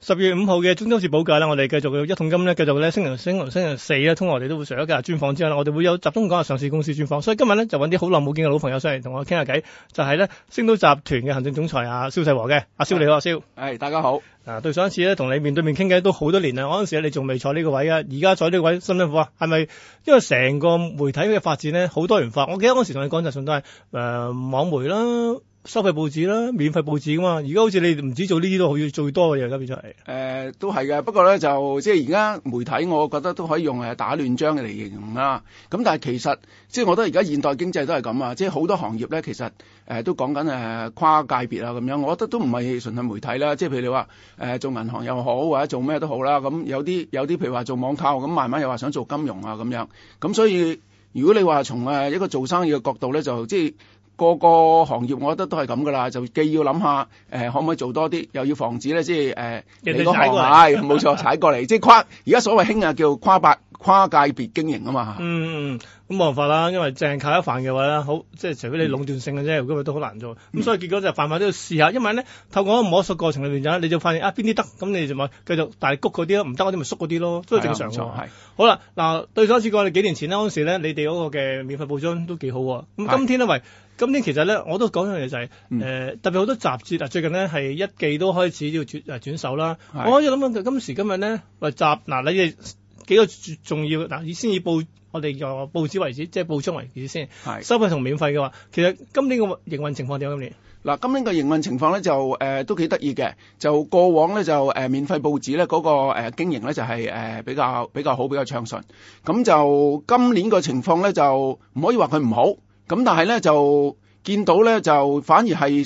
十月五號嘅中秋節補假啦，我哋繼續嘅一桶金咧，繼續咧星期星期星期四咧，通常我哋都會上一架專訪之後啦，我哋會有集中講下上市公司專訪，所以今日咧就揾啲好耐冇見嘅老朋友上嚟同我傾下偈，就係、是、咧星島集團嘅行政總裁阿蕭世和嘅，對阿蕭你好，阿蕭，誒，大家好，嗱、啊，對上一次咧同你面對面傾偈都好多年啦，嗰陣時你仲未坐呢個位啊，而家坐呢個位，辛辛苦啊，係咪？因為成個媒體嘅發展咧好多元化，我記得嗰陣時同你講就係、是，誒、呃，網媒啦。收費報紙啦，免費報紙噶嘛。而家好似你唔止做呢啲都好，要最多嘅嘢出嚟。誒、呃，都係嘅。不過咧，就即係而家媒體，我覺得都可以用係打亂章嚟形容啦。咁但係其實，即係我覺得而家現代經濟都係咁啊。即係好多行業咧，其實、呃、都講緊誒跨界別啊咁樣。我覺得都唔係純係媒體啦。即係譬如你話、呃、做銀行又好或者做咩都好啦。咁有啲有啲譬如話做網購咁，慢慢又話想做金融啊咁樣。咁所以如果你話從誒一個做生意嘅角度咧，就即係。個個行業，我覺得都係咁噶啦，就既要諗下，誒、呃、可唔可以做多啲，又要防止咧，即係誒你嗰個踩，冇、呃、錯踩過嚟，哎、過 即係跨。而家所謂興啊，叫跨界、跨界別經營啊嘛。嗯嗯。嗯咁冇辦法啦，因為淨係靠一範嘅話啦，好即係除非你壟斷性嘅啫，嗯、今日都好難做。咁、嗯、所以結果就範範都要試下，因為咧透過嗰個摸索過程裏面你就發現啊邊啲得，咁你就咪繼續大谷嗰啲咯，唔得嗰啲咪縮嗰啲咯，都係正常，啊。好啦，嗱對手試過你幾年前呢，嗰陣時咧，你哋嗰個嘅免費報章都幾好，啊。咁今天呢，喂的，今天其實咧我都講一樣嘢就係、是嗯呃、特別好多雜誌啊，最近呢，係一季都開始要轉手啦。的我一諗諗今時今日呢，喂雜嗱你幾個重要嗱，以先以報我哋用報紙為止，即係報章為止先。係收費同免費嘅話，其實今年嘅營運情況點啊？今年嗱，今年嘅營運情況咧就誒、呃、都幾得意嘅，就過往咧就誒、呃、免費報紙咧嗰，那個誒、呃、經營咧就係、是、誒、呃、比較比較好比較暢順，咁就今年個情況咧就唔可以話佢唔好，咁但係咧就。見到咧就反而係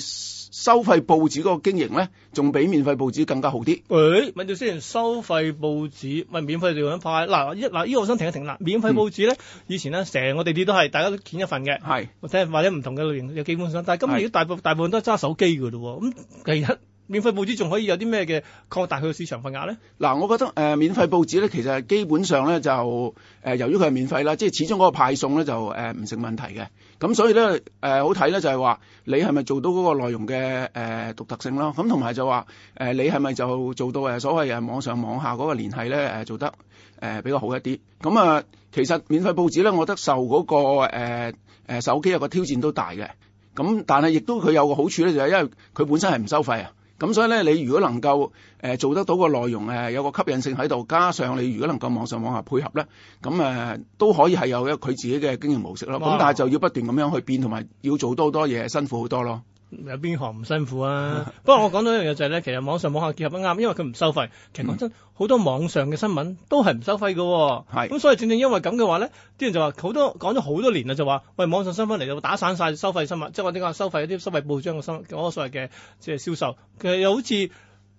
收費報紙嗰個經營咧，仲比免費報紙更加好啲。喂，問到雖然收費報紙，咪免費就樣快。嗱，一嗱呢個我想停一停。嗱，免費報紙咧，嗯、以前咧成個地鐵都係大家都攢一份嘅。係是，或者或者唔同嘅類型嘅，有基本上。但係今年大部是大部分都係揸手機㗎啦喎。咁、嗯、其實。免費報紙仲可以有啲咩嘅擴大佢嘅市場份額咧？嗱、啊，我覺得誒、呃、免費報紙咧，其實基本上咧就、呃、由於佢係免費啦，即係始終嗰個派送咧就誒唔、呃、成問題嘅。咁所以咧誒、呃、好睇咧就係、是、話你係咪做到嗰個內容嘅誒、呃、獨特性咯？咁同埋就話誒、呃、你係咪就做到所謂網上網下嗰個聯繫咧做得誒、呃、比較好一啲？咁、嗯、啊、呃，其實免費報紙咧，我覺得受嗰、那個誒手、呃、手機個挑戰都大嘅。咁但係亦都佢有個好處咧，就係、是、因為佢本身係唔收費啊。咁所以咧，你如果能夠、呃、做得到個內容、呃、有個吸引性喺度，加上你如果能夠網上網下配合咧，咁、呃、都可以係有一佢自己嘅經營模式咯。咁、哦、但係就要不斷咁樣去變，同埋要做多多嘢，辛苦好多咯。有邊行唔辛苦啊？ 不過我講到一樣嘢就係、是、咧，其實網上網下結合得啱，因為佢唔收費。其實講真，好、嗯、多網上嘅新聞都係唔收費㗎喎、哦。咁是所以正正因為咁嘅話咧，啲人就話好多講咗好多年啦，就話喂，網上新聞嚟就打散曬收費新聞，即係我哋講收費啲收費報章嘅新嗰個所謂嘅即、就是、銷售，其實又好似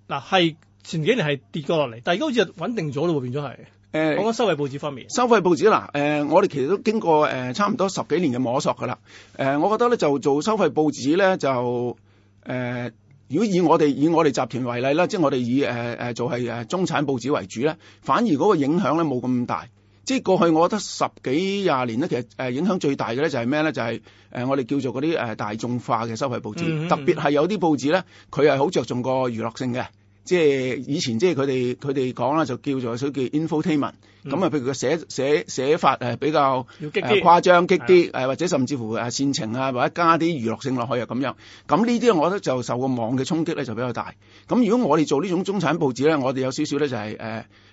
嗱係前幾年係跌過落嚟，但係而家好似穩定咗咯，變咗係。誒，我講收費報紙方面。呃、收費報紙嗱，誒、呃，我哋其實都經過誒、呃、差唔多十幾年嘅摸索㗎啦。誒、呃，我覺得咧就做收費報紙咧就誒、呃，如果以我哋以我哋集團為例啦，即係我哋以誒誒、呃、做係誒中產報紙為主咧，反而嗰個影響咧冇咁大。即係過去我覺得十幾廿年咧，其實誒影響最大嘅咧就係咩咧？就係、是、誒我哋叫做嗰啲誒大眾化嘅收費報紙，嗯嗯嗯特別係有啲報紙咧，佢係好着重個娛樂性嘅。即係以前是，即係佢哋佢哋講啦，就叫做佢叫 infotainment、嗯。咁啊，譬如佢寫寫寫法誒比較誇、呃、誇張激啲，是的或者甚至乎誒煽情啊，或者加啲娛樂性落去啊咁樣。咁呢啲我覺得就受個網嘅衝擊咧就比較大。咁如果我哋做呢種中產報紙咧，我哋有少少咧就係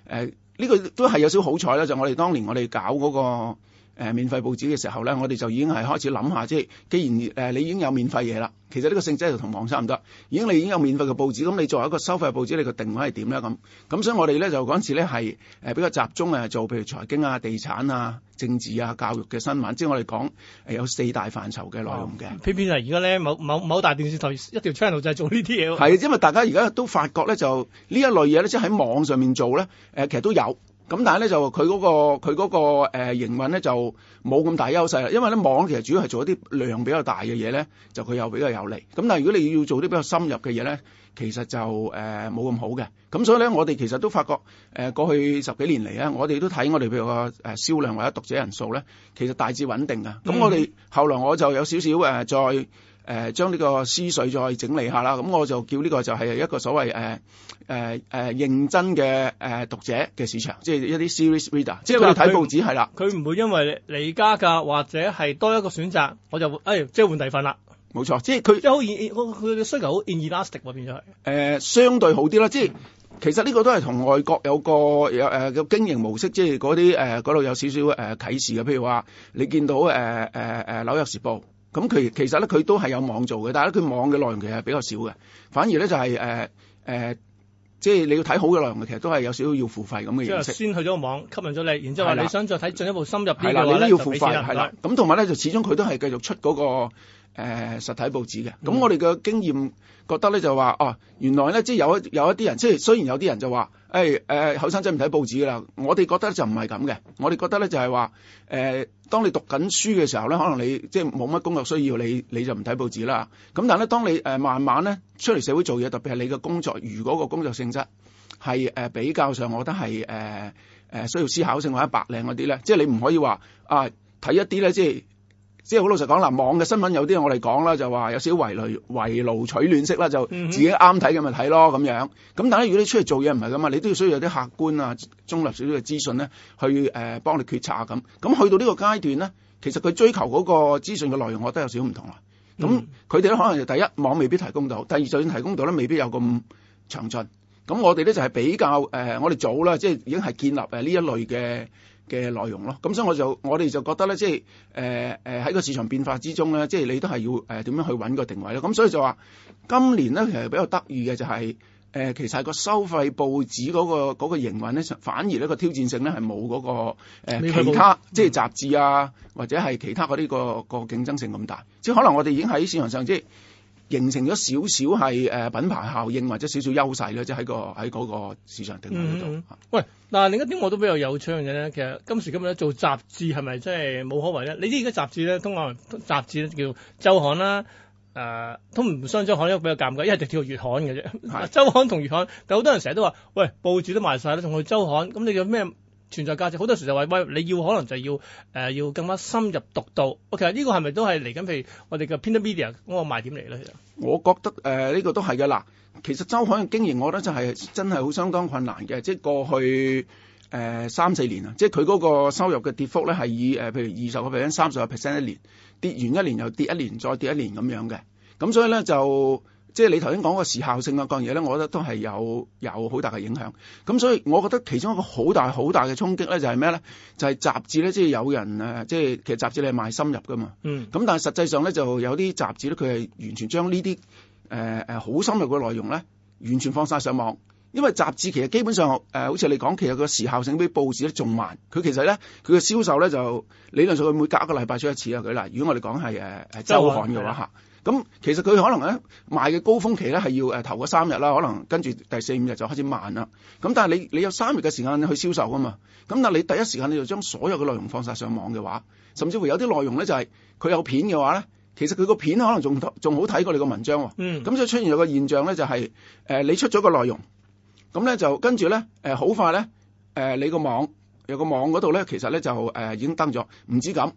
誒呢個都係有少少好彩啦，就是、我哋當年我哋搞嗰、那個。誒、呃、免費報紙嘅時候咧，我哋就已經係開始諗下，即係既然誒、呃、你已經有免費嘢啦，其實呢個性質就同網差唔多。已經你已經有免費嘅報紙，咁你作為一個收費報紙，你個定位係點咧？咁咁，所以我哋咧就嗰陣時咧係比較集中誒做，譬如財經啊、地產啊、政治啊、教育嘅新聞，即係我哋講、呃、有四大範疇嘅內容嘅。偏偏就而家咧，某某某大電視台一條 channel 就係做呢啲嘢。係，因為大家而家都發覺咧，就呢一類嘢咧，即係喺網上面做咧、呃，其實都有。咁但係咧就佢嗰、嗰個佢嗰、嗰個誒、呃、營運咧就冇咁大優勢啦，因為咧網其實主要係做一啲量比較大嘅嘢咧，就佢又比較有利。咁但係如果你要做啲比較深入嘅嘢咧，其實就誒冇咁好嘅。咁所以咧，我哋其實都發覺誒、呃、過去十幾年嚟咧，我哋都睇我哋譬如個誒、呃、銷量或者讀者人數咧，其實大致穩定㗎。咁、嗯、我哋後來我就有少少誒再。呃誒、呃、將呢個思緒再整理下啦，咁、嗯、我就叫呢個就係一個所謂誒誒、呃呃、認真嘅誒讀者嘅市場，即係一啲 serious reader，即係佢話睇報紙係啦，佢唔他的會因為你加價或者係多一個選擇，我就誒即係換第份啦。冇錯，即係佢佢嘅需求好 inelastic 喎，inelastic，變咗係誒相對好啲啦。即係其實呢個都係同外國有個有誒嘅、呃、經營模式，即係嗰啲誒嗰度有少少誒、呃、啟示嘅。譬如話你見到誒誒誒紐約時報。咁佢其實咧，佢都係有網做嘅，但係咧，佢網嘅內容其實係比較少嘅，反而咧就係誒誒，即、呃、係、呃就是、你要睇好嘅內容，其實都係有少少要付費咁嘅形式就先去咗網吸引咗你，然之後話你想再睇進一步深入呢你都要付費。係啦。咁同埋咧就始終佢都係繼續出嗰、嗰個。誒、呃、實體報紙嘅，咁我哋嘅經驗覺得咧、嗯、就話，哦、啊，原來咧即係有有一啲人，即係雖然有啲人就話，誒誒後生仔唔睇報紙㗎啦，我哋覺得就唔係咁嘅，我哋覺得咧就係、是、話，誒、呃，當你讀緊書嘅時候咧，可能你即係冇乜工作需要，你你就唔睇報紙啦。咁但係咧，當你誒慢慢咧出嚟社會做嘢，特別係你嘅工作，如果個工作性質係誒比較上，我覺得係誒、呃、需要思考性或者白領嗰啲咧，即係你唔可以話啊睇一啲咧即係。即係好老實講啦，網嘅新聞有啲我哋講啦，就話有少少圍爐取暖式啦，就自己啱睇咁咪睇咯咁樣。咁但係如果你出去做嘢唔係咁嘛，你都要需要有啲客觀啊、中立少少嘅資訊咧，去誒幫你決策咁。咁去到呢個階段咧，其實佢追求嗰個資訊嘅內容，我覺得有少少唔同啦。咁佢哋咧可能就第一網未必提供到，第二就算提供到咧，未必有咁詳盡。咁我哋咧就係比較誒，我哋早啦，即係已經係建立呢一類嘅嘅內容咯，咁所以我就我哋就覺得咧，即係誒誒喺個市場變化之中咧，即係你都係要誒點、呃、樣去揾個定位咧。咁所以就話今年咧其實比較得意嘅就係、是、誒、呃，其實係個收費報紙嗰、個嗰、個營運咧，反而呢個挑戰性咧係冇嗰個、呃、其他即係雜誌啊，或者係其他嗰啲、個、個競爭性咁大。即係可能我哋已經喺市場上即係。形成咗少少係品牌效應或者少少優勢咧，即係喺喺嗰個市場定位嗰度、嗯。喂，嗱另一點我都比較有趣嘅咧，其實今時今日咧做雜誌係咪真係冇可為咧？你知而家雜誌咧，通常雜誌咧叫周刊啦、啊，誒都唔相周刊都比較尷尬，一係就跳月刊嘅啫。的周刊同月刊，但好多人成日都話，喂，報紙都賣晒啦，仲去周刊？咁你叫咩？存在價值，好多時就話喂，你要可能就要誒、呃、要更加深入讀到，其實呢個係咪都係嚟緊？譬如我哋嘅 Panda Media 嗰個賣點嚟咧，其實我覺得誒呢、呃呢個都係嘅嗱。其實周海嘅經營，我覺得就係、是、真係好相當困難嘅，即係過去誒三四年啊，即係佢嗰個收入嘅跌幅咧係以誒、呃、譬如二十個 percent、三十個 percent 一年跌完一年又跌一年再跌一年咁樣嘅，咁所以咧就。即係你頭先講個時效性啊嗰樣嘢咧，我覺得都係有有好大嘅影響。咁所以，我覺得其中一個好大好大嘅衝擊咧，就係咩咧？就係、是、雜誌咧，即係有人即係其實雜誌你係賣深入噶嘛。嗯。咁但係實際上咧，就有啲雜誌咧，佢係完全將呢啲誒好深入嘅內容咧，完全放晒上網。因為雜誌其實基本上誒、呃，好似你講講，其實個時效性比報紙咧仲慢。佢其實咧，佢嘅銷售咧就理論上佢每隔一個禮拜出一次啊。佢嗱，如果我哋講係誒誒週刊嘅話。咁其實佢可能咧賣嘅高峰期咧係要、呃、頭嗰三日啦，可能跟住第四五日就開始慢啦。咁但係你你有三日嘅時間去銷售噶嘛？咁但係你第一時間你就將所有嘅內容放曬上網嘅話，甚至乎有啲內容咧就係、是、佢有片嘅話咧，其實佢個片可能仲仲好睇過你個文章，哦。嗯。咁就出現咗個現象咧，就係、是呃、你出咗個內容，咁咧就跟住咧好快咧、呃、你個網有個網嗰度咧，其實咧就、呃、已經登咗，唔知咁。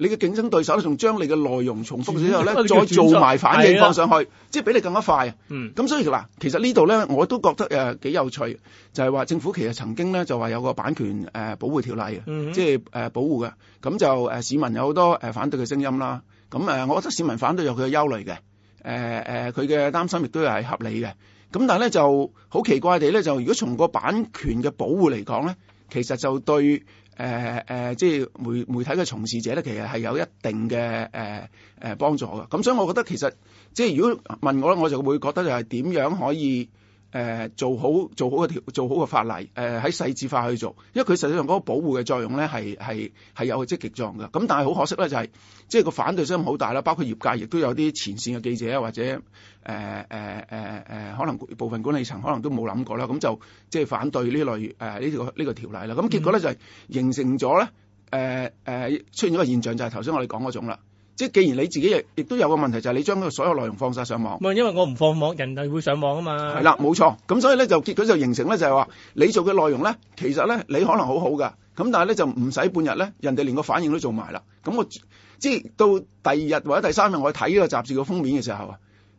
你嘅競爭對手咧，仲將你嘅內容重複之後咧，速再做埋反應放上去，是的即係比你更加快。嗯。咁所以嗱，其實呢度咧，我都覺得誒幾有趣，就係、是、話政府其實曾經咧就話有個版權誒、呃、保護條例嘅，嗯、即係誒、呃、保護嘅。咁就、呃、市民有好多、呃、反對嘅聲音啦。咁、呃、我覺得市民反對有佢嘅憂慮嘅。誒、呃、誒，佢、呃、嘅擔心亦都係合理嘅。咁但係咧就好奇怪地咧，就如果從個版權嘅保護嚟講咧。其實就對誒誒，即係媒媒體嘅從事者咧，其實係有一定嘅誒誒幫助㗎。咁所以，我覺得其實即係如果問我咧，我就會覺得就係點樣可以，誒做好做好個條做好個法例誒，喺、呃、細緻化去做，因為佢實際上嗰個保護嘅作用咧係係係有積極作用㗎。咁但係好可惜咧，就係即係個反對聲音好大啦。包括業界亦都有啲前線嘅記者或者誒誒、呃呃呃、可能部分管理層可能都冇諗過啦。咁就即係、就係、反對呢類誒呢、呃呢個呢、呢個條例啦。咁結果咧就係形成咗咧誒誒出現咗個現象，就係頭先我哋講嗰種啦。即係既然你自己亦亦都有個問題，就係你將嗰所有內容放晒上網。唔係因為我唔放網，人哋會上網啊嘛。係啦，冇錯。咁所以咧就結果就形成咧就係話，你做嘅內容咧，其實咧你可能好好噶，咁但係咧就唔使半日咧，人哋連個反應都做埋啦。咁我即係到第二日或者第三日，我去睇呢個雜誌嘅封面嘅時候啊，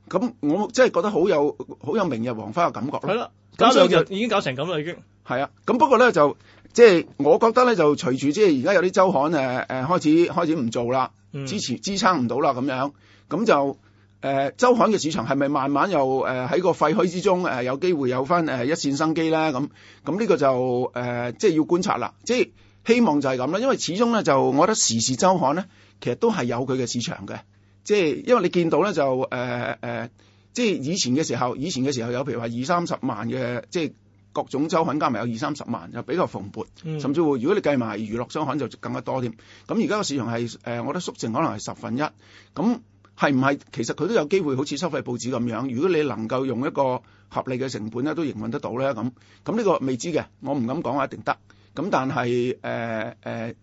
咁我即係覺得好有好有明日黃花嘅感覺咯。係啦，搞兩日就已經搞成咁啦，已經。係啊，咁不過咧就。即係我覺得咧，就隨住即係而家有啲周刊誒誒、呃、開始開始唔做啦、嗯，支持支撐唔到啦咁樣，咁就誒、呃、週刊嘅市場係咪慢慢又誒喺、呃、個廢墟之中、呃、有機會有翻誒、呃、一線生機咧？咁咁呢個就誒、呃、即係要觀察啦。即係希望就係咁啦，因為始終咧就我覺得時事周刊咧，其實都係有佢嘅市場嘅。即係因為你見到咧就誒誒、呃呃，即係以前嘅時候，以前嘅時候有譬如話二三十萬嘅即係。各種周刊加埋有二三十萬，又比較蓬勃，嗯、甚至乎如果你計埋娛樂商刊就更加多添。咁而家個市場係誒，我覺得縮成可能係十分一。咁係唔係其實佢都有機會好似收費報紙咁樣？如果你能夠用一個合理嘅成本咧，都營運得到咧咁。咁呢個未知嘅，我唔敢講話一定得。咁但係誒、呃呃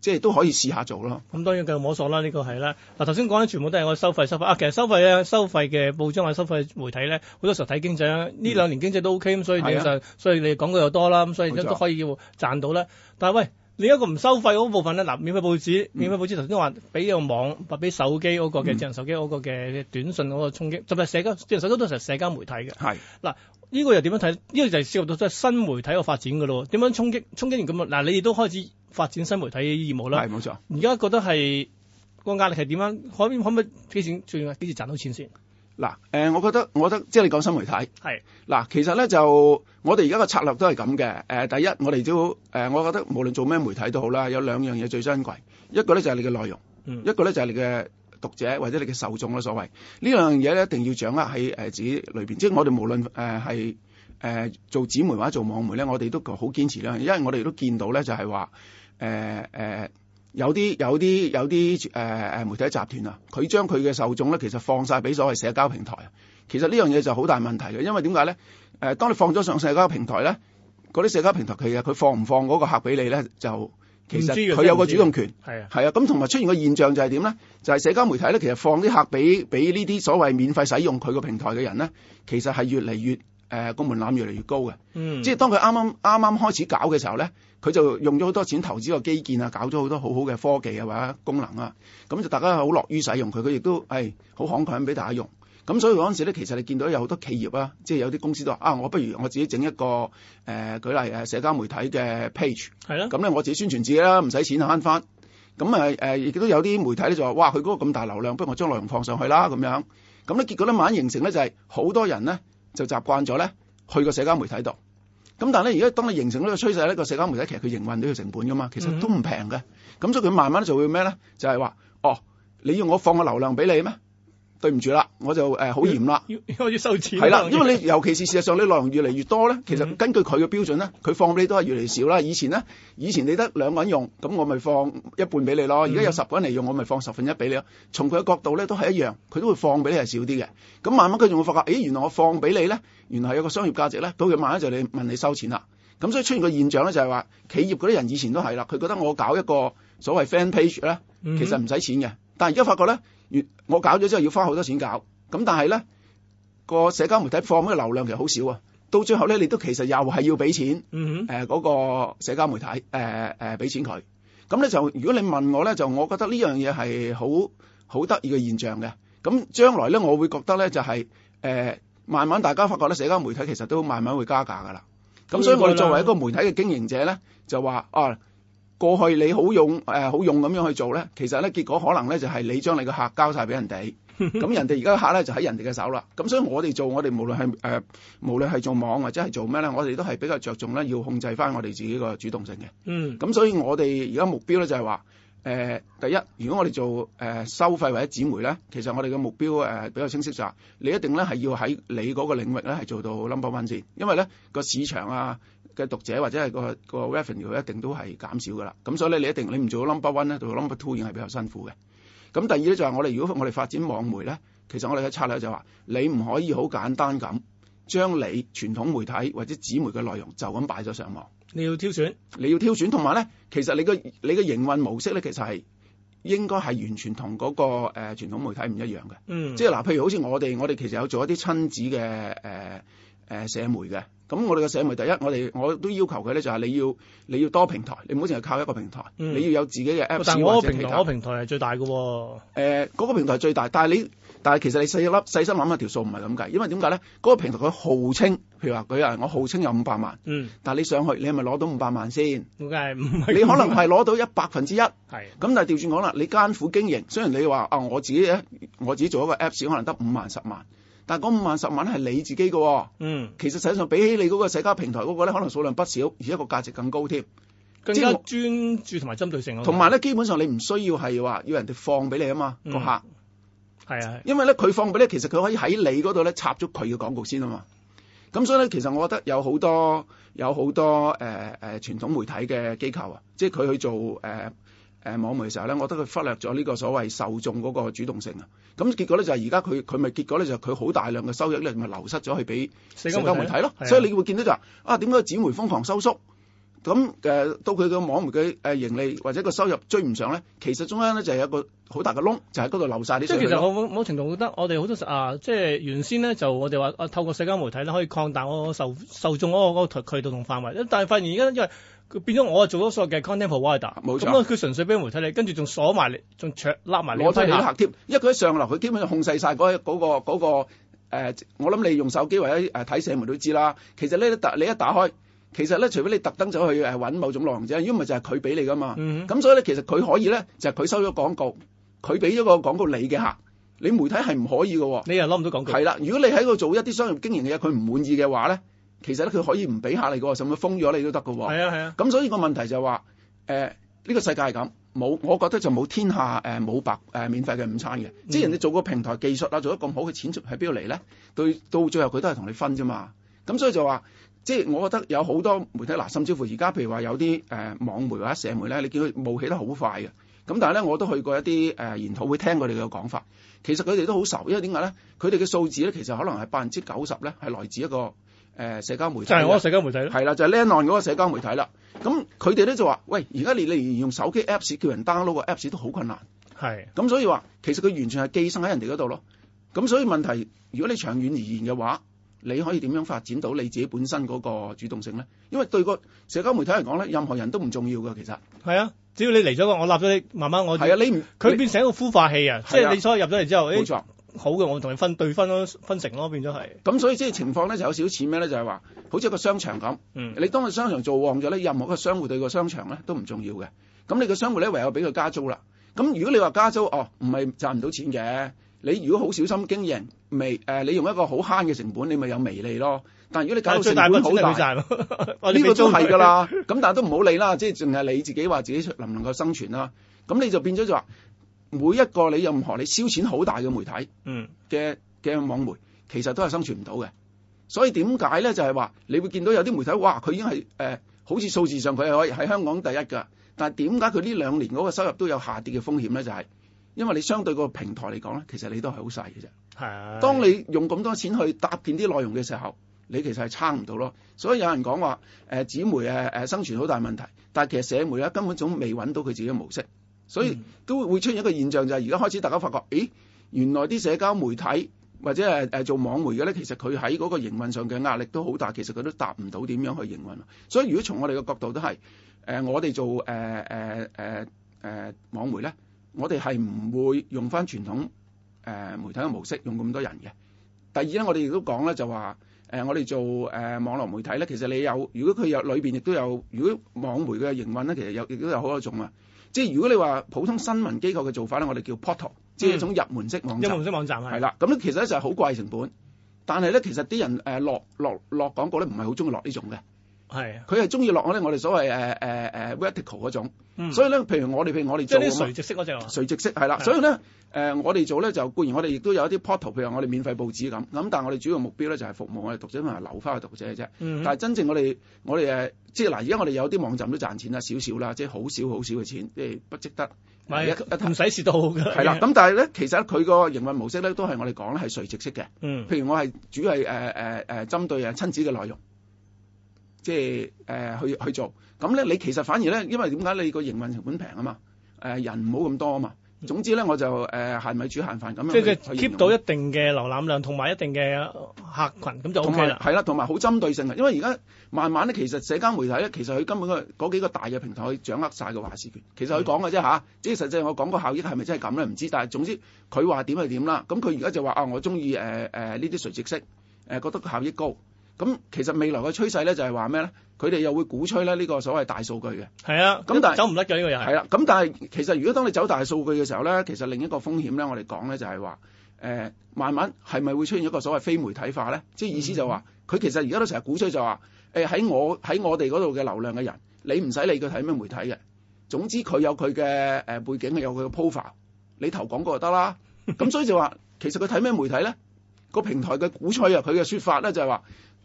即係都可以試下做咯。咁當然繼續摸索啦，呢個係啦。嗱，頭先講緊全部都係我收費收費啊，其實收費嘅收費嘅報章或者收費媒體咧，好多時候睇經濟。呢的兩年經濟都 O K 咁，所以你就的，所以你廣告又多啦，咁所以而家都可以賺到啦，錯但係喂。另一個唔收費嗰部分呢免費報紙，免費報紙頭先話畀個網或俾手機嗰個嘅智能手機嗰個嘅短信嗰個衝擊，嗯、就係社交智能手機都係社交媒體嘅。嗱呢是個又點樣睇？呢、這個就係涉及到即係新媒體嘅發展㗎咯。點樣衝擊？衝擊完咁啊！嗱，你亦都開始發展新媒體嘅業務啦。係，冇錯。而家覺得係個壓力係點樣？可可唔可以幾時最幾時賺到錢先？嗱，誒、啊呃，我覺得，我覺得，即係你講新媒體，嗱是、啊，其實咧就，我哋而家嘅策略都係咁嘅，誒、呃，第一，我哋都，誒、呃，我覺得無論做咩媒體都好啦，有兩樣嘢最珍貴，一個咧就係、是、你嘅內容，嗯、一個咧就係、是、你嘅讀者或者你嘅受眾啦，所謂呢兩樣嘢咧一定要掌握喺、呃、自己裏邊，即係我哋無論誒係做紙媒或者做網媒咧，我哋都好堅持呢樣，因為我哋都見到咧就係、是、話，誒、呃，呃有啲有啲有啲誒、呃、媒體集團啊，佢將佢嘅受眾咧，其實放曬俾所謂社交平台，其實呢樣嘢就好大問題嘅，因為點解咧？誒，當你放咗上社交平台咧，嗰啲社交平台其實佢放唔放嗰個客俾你咧，就其實佢有個主動權，係、就是、啊，係啊，咁同埋出現個現象就係點咧？就係、是、社交媒體咧，其實放啲客俾俾呢啲所謂免費使用佢個平台嘅人咧，其實係越嚟越。誒個、呃、門檻越嚟越高嘅，嗯、即係當佢啱啱啱啱開始搞嘅時候咧，佢就用咗好多錢投資個基建啊，搞咗好多好好嘅科技啊，或者功能啊，咁就大家好樂於使用佢，佢亦都係好慷慨俾大家用。咁所以嗰陣時咧，其實你見到有好多企業啊，即係有啲公司都話啊，我不如我自己整一個誒、呃，舉例社交媒體嘅 page，係啦的，咁咧我自己宣傳自己啦，唔使錢慳翻。咁啊誒亦都有啲媒體咧就話哇，佢嗰個咁大流量，不如我將內容放上去啦咁樣。咁咧結果咧慢慢形成咧就係、是、好多人咧。就習慣咗咧，去個社交媒體度。咁但係咧，而家當你形成呢個趨勢咧，個社交媒體其實佢營運都要成本㗎嘛，其實都唔平嘅。咁、mm hmm. 所以佢慢慢就會咩咧？就係、是、話，哦，你要我放個流量俾你咩？對唔住啦，我就誒好嚴啦，要開始收錢。係啦，因為你尤其是事實上，你內容越嚟越多咧，其實根據佢嘅標準咧，佢放俾你都係越嚟越少啦。以前咧，以前你得兩個人用，咁我咪放一半俾你咯。而家有十個人嚟用，我咪放十分一俾你咯。從佢嘅角度咧，都係一樣，佢都會放俾你係少啲嘅。咁慢慢佢仲會發覺，咦、哎，原來我放俾你咧，原來有一個商業價值咧，到佢慢慢就你問你收錢啦。咁所以出現個現象咧，就係話企業嗰啲人以前都係啦，佢覺得我搞一個所謂 fan page 咧，其實唔使錢嘅。嗯但而家發覺咧，我搞咗之後要花好多錢搞，咁但係咧個社交媒體放嘅流量其實好少啊，到最後咧你都其實又係要俾錢，嗰、嗯哼呃嗰個社交媒體，誒誒俾錢佢，咁咧就如果你問我咧，就我覺得呢樣嘢係好好得意嘅現象嘅，咁將來咧我會覺得咧就係、係呃、慢慢大家發覺咧社交媒體其實都慢慢會加價㗎啦，咁所以我哋作為一個媒體嘅經營者咧，就話啊。過去你好用、呃、好用咁樣去做咧，其實咧結果可能咧就係、是、你將你嘅客交晒俾人哋，咁人哋而家客咧就喺人哋嘅手啦。咁所以我哋做我哋無論係誒、呃、無論係做網或者係做咩咧，我哋都係比較着重咧要控制翻我哋自己個主動性嘅。嗯，咁所以我哋而家目標咧就係話誒第一，如果我哋做誒、呃、收費或者紙媒咧，其實我哋嘅目標誒、呃、比較清晰就你一定咧係要喺你嗰個領域咧係做到 number one 先，因為咧個市場啊。嘅讀者或者係個個 revenue 一定都係減少㗎啦，咁所以咧你一定你唔做 number one 咧，做 number two 已經係比較辛苦嘅。咁第二咧就係我哋如果我哋發展網媒咧，其實我哋嘅策略就係話，你唔可以好簡單咁將你傳統媒體或者紙媒嘅內容就咁擺咗上網。你要挑選，你要挑選，同埋咧，其實你嘅你嘅營運模式咧，其實係應該係完全同嗰、那個誒、呃、傳統媒體唔一樣嘅。即係嗱，譬如好似我哋我哋其實有做一啲親子嘅誒誒社媒嘅。咁我哋嘅社會，第一，我哋我都要求佢咧，就係你要你要多平台，你唔好淨係靠一個平台，嗯、你要有自己嘅 app s 或者其他平台。但係我平台係最大嘅喎、哦。誒、呃，嗰、那個平台最大，但係你但係其實你細粒細心諗下條數唔係咁計，因為點解咧？嗰、那個平台佢號稱，譬如話佢啊我號稱有五百萬，嗯、但係你上去你係咪攞到五百萬先？冇計，你可能係攞到一百分之一的。係。咁但係調轉講啦，你艱苦經營，雖然你話啊，我自己我自己做一個 app 只可能得五萬十萬。但嗰五萬十萬係你自己嘅，哦，嗯，其實實際上比起你嗰個社交平台嗰、嗰個咧，可能數量不少，而且個價值更高添，更加專注同埋針對性咯即。同埋咧，基本上你唔需要係話要人哋放俾你啊嘛，嗯、個客，係啊是，因為咧佢放俾咧，其實佢可以喺你嗰度咧插足佢嘅廣告先啊嘛。咁所以咧，其實我覺得有好多有好多誒誒傳統媒體嘅機構啊，即係佢去做誒。呃誒網媒嘅時候咧，我覺得佢忽略咗呢個所謂受眾嗰個主動性啊，咁結果咧就係而家佢佢咪結果咧就佢、是、好大量嘅收益咧咪流失咗去俾社交媒體咯，體所以你會見到就話啊點解紙媒瘋狂收縮，咁誒、呃、到佢嘅網媒嘅誒盈利或者個收入追唔上咧，其實中央咧就係、是、一個好大嘅窿，就喺嗰度流晒啲。即係其實我某程度覺得我，我哋好多啊，即、就、係、是、原先咧就我哋話啊，透過社交媒體咧可以擴大我受受眾嗰個渠道同範圍，但係發現而家因為。佢變咗我做咗所謂嘅 content provider，冇錯。佢純粹俾媒體你，跟住仲鎖埋你，仲搶擸埋你我啲客添。因為佢喺上流，佢基本上控制晒嗰嗰個嗰、嗰個、嗰個呃、我諗你用手機或者誒睇社媒都知啦。其實咧，你一打開，其實咧，除非你特登走去誒揾某種內容啫，如果唔係就係佢俾你噶嘛。咁、嗯、哼所以咧，其實佢可以咧，就係、是、佢收咗廣告，佢俾咗個廣告你嘅客，你媒體係唔可以嘅。你又攞唔到廣告？係啦，如果你喺度做一啲商業經營嘅嘢，佢唔滿意嘅話咧。其實咧，佢可以唔俾下你嘅，甚至封咗你都得嘅。係啊，係啊。咁所以個問題就係話誒呢個世界係咁冇，我覺得就冇天下誒冇、呃、白誒、呃、免費嘅午餐嘅。嗯、即係人哋做個平台技術啊，做得咁好嘅錢出喺邊度嚟咧？對到，到最後佢都係同你分啫嘛。咁所以就話即係我覺得有好多媒體嗱、呃，甚至乎而家譬如話有啲誒、呃、網媒或者社媒咧，你見佢冒起得好快嘅。咁但係咧，我都去過一啲誒、呃、研討會聽佢哋嘅講法，其實佢哋都好愁，因為點解咧？佢哋嘅數字咧，其實可能係百分之九十咧係來自一個。誒社交媒體就係我社交媒體咯，係啦，就係、是、Lenon 嗰個社交媒體啦。咁佢哋咧就話，喂，而家你例用手機 Apps 叫人 download 個 Apps 都好困難。係。咁的所以話，其實佢完全係寄生喺人哋嗰度咯。咁所以問題，如果你長遠而言嘅話你可以點樣發展到你自己本身嗰個主動性咧？因為對個社交媒體嚟講咧，任何人都唔重要嘅，其實係啊，只要你嚟咗個，我立咗你，慢慢我。係啊，你唔佢變成一個孵化器啊！是的即係你所以入咗嚟之後冇錯。好嘅，我同你分對分咯，分成咯，變咗係。咁所以即係情況咧，就有少少似咩咧？就係話，好似一個商場咁。嗯。你當個商場做旺咗咧，任何一個商戶對個商場咧都唔重要嘅。咁你個商戶咧唯有俾佢加租啦。咁如果你話加租哦，唔係賺唔到錢嘅。你如果好小心經營微、呃、你用一個好慳嘅成本，你咪有微利咯。但如果你搞到成本好大，呢個都係㗎啦。咁 但係都唔好理啦，即係淨係你自己話自己能唔能夠生存啦。咁你就變咗就話。每一個你任何你燒錢好大嘅媒體的，嘅嘅、嗯、網媒，其實都係生存唔到嘅。所以點解咧？就係、是、話你會見到有啲媒體，哇！佢已經係誒、呃，好似數字上佢係可以喺香港第一噶。但係點解佢呢兩年嗰個收入都有下跌嘅風險咧？就係、是、因為你相對個平台嚟講咧，其實你都係好細嘅啫。係啊的。當你用咁多錢去搭建啲內容嘅時候，你其實係撐唔到咯。所以有人講話誒紙媒誒誒生存好大問題，但係其實社媒咧根本仲未揾到佢自己嘅模式。所以都會出現一個現象，就係而家開始大家發覺，咦，原來啲社交媒體或者係誒做網媒嘅咧，其實佢喺嗰個營運上嘅壓力都好大，其實佢都答唔到點樣去營運。所以如果從我哋嘅角度都係誒、呃呃呃呃，我哋做誒誒誒誒網媒咧，我哋係唔會用返傳統誒媒體嘅模式，用咁多人嘅。第二咧，我哋亦都講咧就話誒，我哋做誒網絡媒體咧，其實你有，如果佢有裏邊亦都有，如果網媒嘅營運咧，其實有亦都有好多種啊。即係如果你話普通新聞機構嘅做法咧，我哋叫 portal，即係一種入門式網站。嗯、入門式網站係啦，咁咧其實咧就係好貴成本，但係咧其實啲人誒落落落廣告咧，唔係好鍾意落呢種嘅。係，佢係中意落我咧，我哋所謂誒誒誒 vertical 嗰種，嗯、所以咧，譬如我哋譬如我哋做啲垂直式嗰隻咯，垂直式係啦。啊、所以咧，誒、呃、我哋做咧就固然我哋亦都有一啲 portal，譬如我哋免費報紙咁咁，但係我哋主要目標咧就係服務我哋讀者同埋留翻去讀者嘅啫。嗯、哼但係真正我哋我哋誒，即係嗱，而家我哋有啲網站都賺錢啦，少少啦，即係好少好少嘅錢，即係不值得。唔使蝕到㗎。係啦，咁 但係咧，其實咧，佢個營運模式咧都係我哋講咧係垂直式嘅。嗯、譬如我係主要係誒誒誒針對誒親子嘅內容。即係、呃、去去做，咁咧你其實反而咧，因為點解你個營運成本平啊嘛？呃、人唔好咁多啊嘛。總之咧，我就誒係咪煮閒飯咁樣，即係 keep 到一定嘅瀏覽量，同埋一定嘅客群，咁就 OK 啦。係啦，同埋好針對性嘅，因為而家慢慢咧，其實社交媒體咧，其實佢根本嗰幾個大嘅平台，去掌握晒個話事權。其實佢講嘅啫、嗯啊、即係實際我講個效益係咪真係咁咧？唔知，但係總之佢話點係點啦。咁佢而家就話啊，我中意呢啲垂直式，誒、呃、覺得效益高。咁其實未來嘅趨勢咧就係話咩咧？佢哋又會鼓吹咧呢個所謂大數據嘅。係啊，咁但係走唔甩嘅呢個人。係啦、啊，咁但係其實如果當你走大數據嘅時候咧，其實另一個風險咧，我哋講咧就係話，誒、呃、慢慢係咪會出現一個所謂非媒體化咧？即係、嗯、意思就話，佢其實而家都成日鼓吹就話，誒喺我喺我哋嗰度嘅流量嘅人，你唔使理佢睇咩媒體嘅，總之佢有佢嘅誒背景，有佢嘅 profile，你投廣告就得啦。咁所以就話，其實佢睇咩媒體咧？ 個平台嘅鼓吹啊，佢嘅説法咧就係話。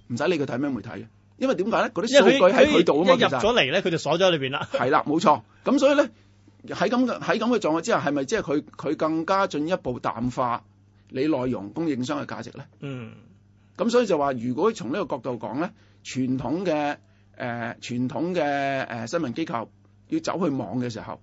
唔使理佢睇咩媒體，因為點解咧？嗰啲數據喺佢度啊嘛，其實一入咗嚟咧，佢就鎖咗喺裏邊啦。係 啦，冇錯。咁所以咧，喺咁嘅喺咁嘅狀況之下，係咪即係佢佢更加進一步淡化你內容供應商嘅價值咧？嗯。咁所以就話，如果從呢個角度講咧，傳統嘅誒傳統嘅誒、呃呃、新聞機構要走去網嘅時候，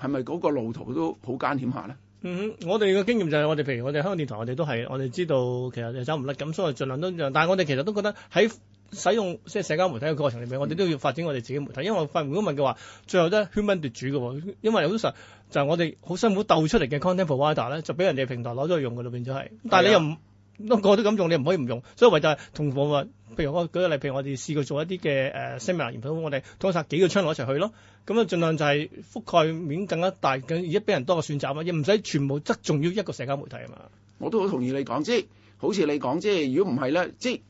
係咪嗰個路途都好艱險下咧？嗯哼，我哋嘅經驗就係我哋，譬如我哋香港電台我們，我哋都係我哋知道，其實又走唔甩咁，所以儘量都一樣。但係我哋其實都覺得喺使用即係社交媒體嘅過程裏面，我哋都要發展我哋自己嘅媒體。因為我發唔少問嘅話，最後咧圈兵奪主嘅，因為有啲時候就係我哋好辛苦鬥出嚟嘅 content provider 咧，就俾人哋平台攞咗去用嘅咯，變咗係。但係你又唔？多個都咁用，你唔可以唔用，所以唯就係同我話，譬如我舉個例，譬如我哋試過做一啲嘅、呃、seminar 我哋拖晒幾個窗落一齊去咯，咁樣盡量就係覆蓋面更加大，咁而家俾人多個選擇嘛，亦唔使全部側重於一個社交媒體啊嘛。我都好同意你講知，即係好似你講知，即係如果唔係咧，即係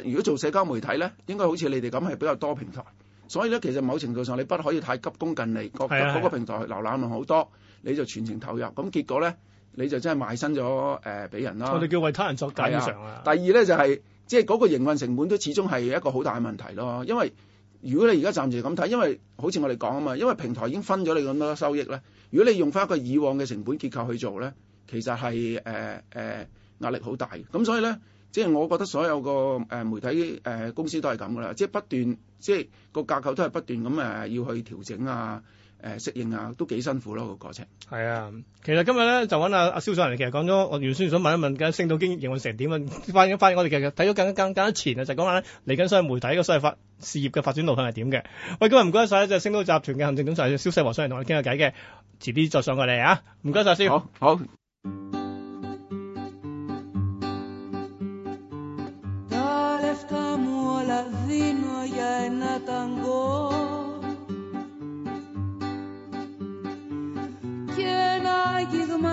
第一，如果做社交媒體咧，應該好似你哋咁係比較多平台，所以咧其實某程度上你不可以太急功近利，嗰個嗰、啊、個平台瀏覽量好多，你就全程投入，咁結果咧。你就真係賣身咗誒俾人啦！我哋叫為他人作嫁衣裳啦。第二咧就係，即係嗰個營運成本都始終係一個好大嘅問題咯。因為如果你而家暫時咁睇，因為好似我哋講啊嘛，因為平台已經分咗你咁多收益咧。如果你用翻一個以往嘅成本結構去做咧，其實係誒誒壓力好大嘅。咁所以咧，即係我覺得所有個媒體公司都係咁噶啦，即係不斷即係個架構都係不斷咁誒要去調整啊。誒適應啊，都幾辛苦咯，這個過程。係啊，其實今日咧就揾阿蕭蕭上嚟，其實講咗。我原先想問一問嘅星島經營成點啊？發現發現我哋其實睇咗更加更加前啊，就講話咧嚟緊。所以媒體嘅所謂發事業嘅發，發展路向係點嘅？喂，今日唔該晒就係星島集團嘅行政總裁蕭世和先生同我哋傾下偈嘅。遲啲再上過嚟啊！唔該晒蕭好。好。